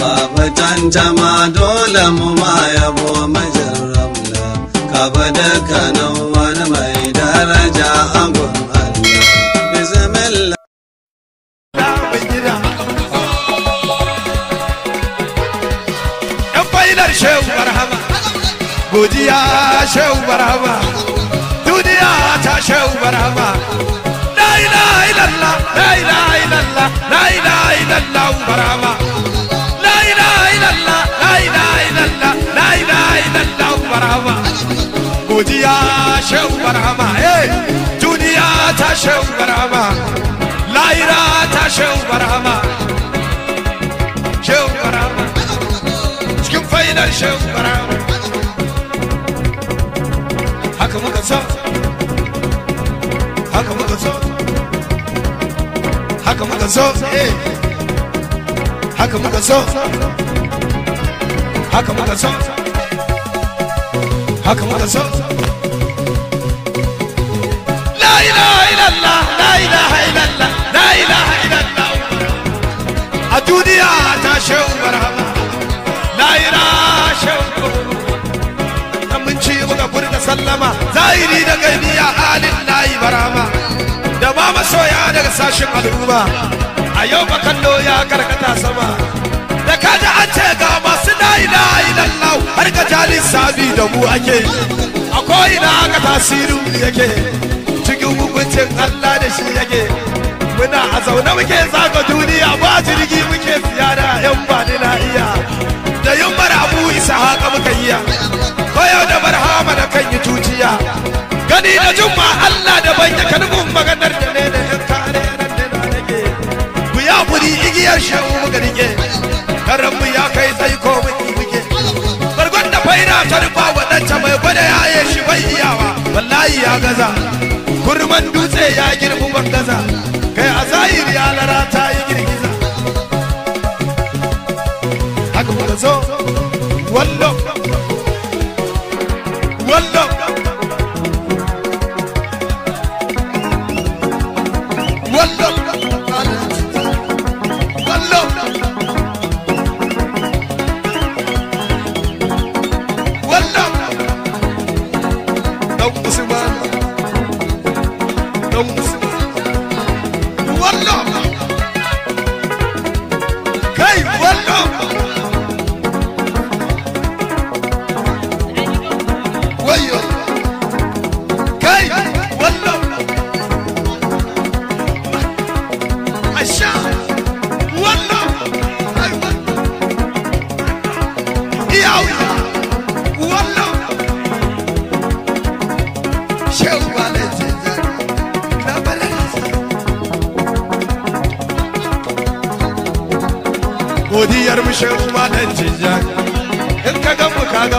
babu tantama dole mu ma yabo majin ramla ka ba dukkanin wani mai daraja a Shehu godiya Shehu Barhama, duniya ta Shehu Barhama, la ilaha illallah, la ilaha illallah, la ilaha illallah Barhama. دلو برهما بوديا شو برهما ايه دنيا تشو برهما لايرا تشو برهما شو برهما شكم فينا شو برهما حكم قصص حكم قصص حكم قصص ايه حكم قصص حكم قصص haka muka so la ilaha illallah la ilaha illallah la ilaha illallah a duniya ta shehu barhama la ilaha shehu aminci muka furta sallama zahiri da gani a halin layi barhama da ba masoya daga sashen al'umma a yau bakallo ya karkata sama da ka an ce ga masu a ilaha har ka jalin sami da mu ake a ko'ina aka tasirin yake cikin hukuncin Allah da shi yake muna a zaune muke zaga duniya ba jirgi muke da yan ba na iya da yin abu isa haka muka yi ya da barhama da kan yi tuciya gani da jumma Allah da ban ya kan magana iyawa wallahi ya gaza kurman dutse ya girbi bar gaza kai a zahiri ya larata wayo kai wallo asha wallo iyawu wallo shehu balete godiyar mu shehu ka ga mu ka ga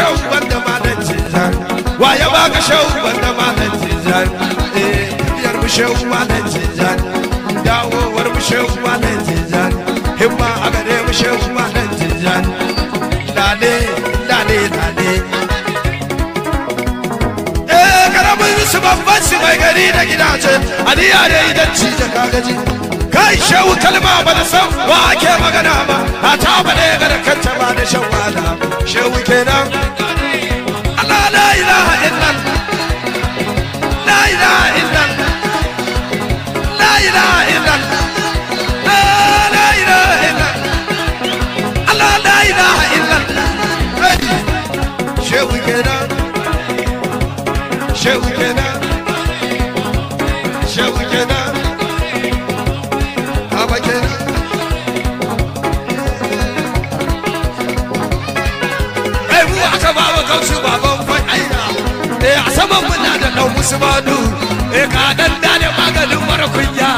shau banda malam tijani wa ya baka shau banda malam tijani eh biyar mu shau malam tijani dawowar mu shau malam tijani himma a gare mu shau malam tijani dade dade dade eh karamin su babban su mai gari da gidaje aliya da idan ci da kagaji kai shehu kalma ba da san ba ake magana ba a ta ba da ya kanta ba da shan wala shehu kenan Allah la ilaha illallah usmanu e eh, ka dan da maganin mara kunya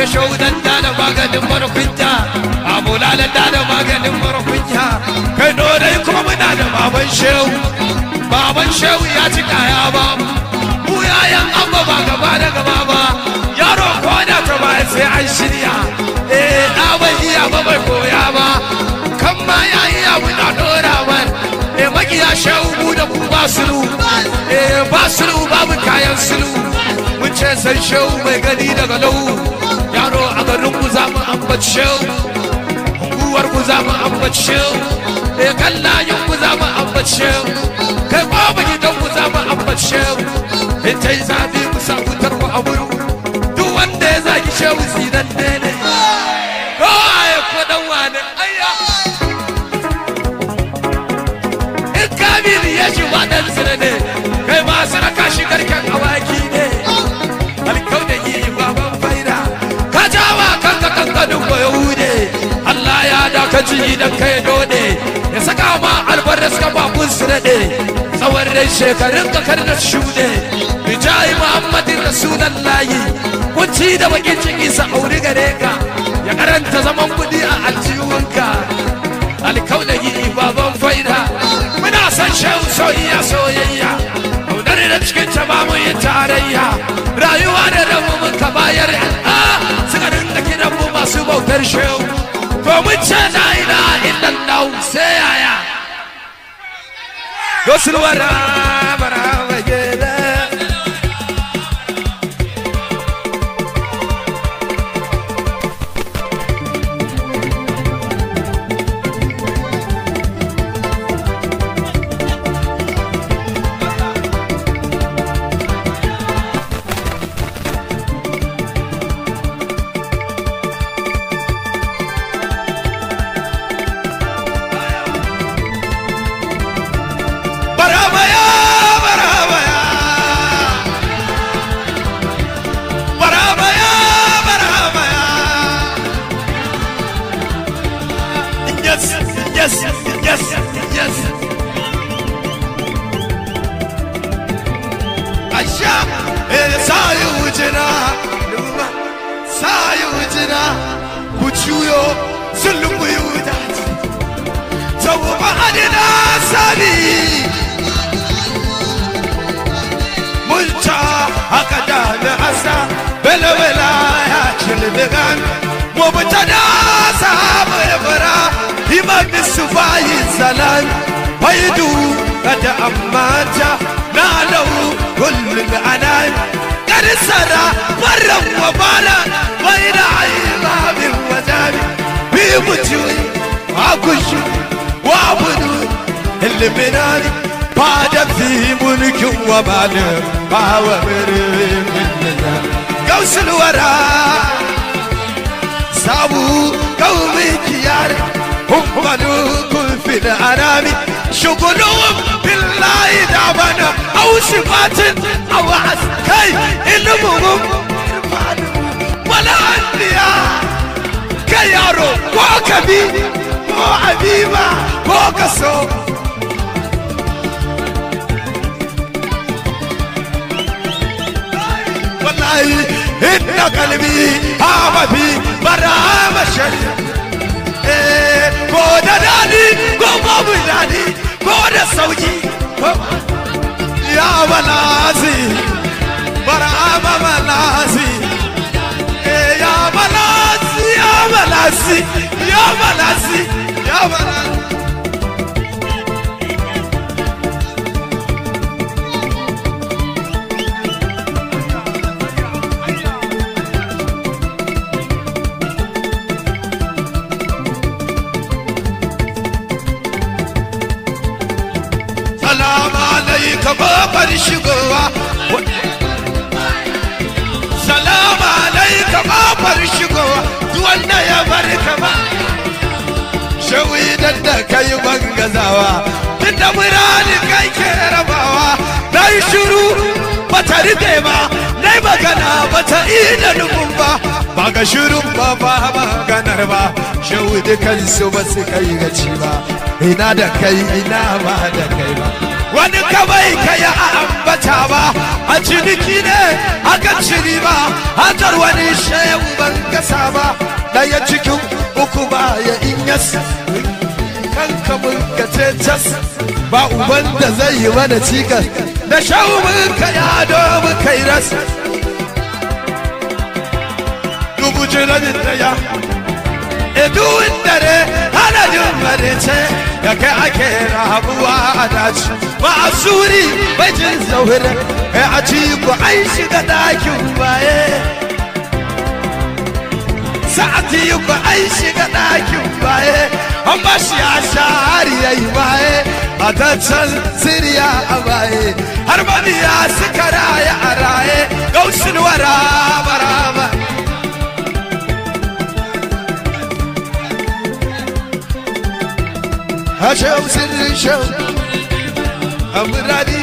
e shau dan da maganin mara kunya a ne da maganin mara kunya kai dole kuma muna da baban shehu baban shehu ya ci kaya ba mu yayan abba ba gaba da gaba ba yaro ko da ta ba sai an shirya eh da bai iya ba shehu da ku ba sulu eh ba sulu babu kayan sulu mun ce san shehu mai gani daga lau yaro a garin ku za mu ambaci shehu kuwar ku za mu ambaci shehu eh kallayin ku za mu ambaci shehu kai ko mu gidan ku za mu ambaci shehu in ta yi zafi ku sa wutar ku a wuri duk wanda ya zagi shehu sinan ne ne ne kai ma saraka kashi garken awaki ne alkau da yi baban faida ka jawa kanka kanka duk bayo ne Allah ya daka jini dan kai dode ya saka ma albarras ka babun su daɗe tsawon rai shekarun ka kar da shuɗe bijayi muhammadin rasulan layi kunci da bakin ciki sa auri gare ka ya karanta zaman bayar yadda suka dinga kiran mu masu bautar shehu domin ce na ina nau sai yaya dosulwara yes, yes, yes. Aşa, ee, sayıcına, sayıcına, uçuyor, zulüm uyudat. Tavuma adına sani. Mulça hakada ve hasa, bela bela ya çıldıran, mubtada. أصحاب البراء إمام السفاي السلام ويدو قد أماتا نالوا كل الأنام قد مرة وبالا بين عظام وزام بيمتوي وأكشو وأبدو اللي بناني بعد في ملك ومال باور من قوس الورى سابوا قومك يا هم ملوك في الأنام شغلهم بالله دعبان أو صفات أو عسكي علمهم ولا أنبياء كيارو وكبير وعبيبة وكسو والله إن قلبي عام في برام ko da dadi ko babu dadi gazawa inda murani kai ke rabawa na yi shiru ba rufe ba na yi magana ba ta ina nufin ba ba ga shuru ba ba maganar ba da kansu ba su kai gaci ba ina da kai ina ba da kai ba wani kawai ka a ambata ba a ciniki ne a gaciri ba hantar wani shehu ban kasa ba daya cikin uku ba ya inyas kanka mun ka ce cas ba uban da zai yi mana cikas da shau mun ka yado mun kai ras dubu jiranin daya eduwin dare halajin ce da kai ake rabuwa a daci ba a suri jin zaure kai a ci ku an shiga dakin baye sa'ati ku an shiga dakin baye an ba shi a shahari ya yi baye a can siriya a baye har mabiya ya raya a raye gaushin wara baraba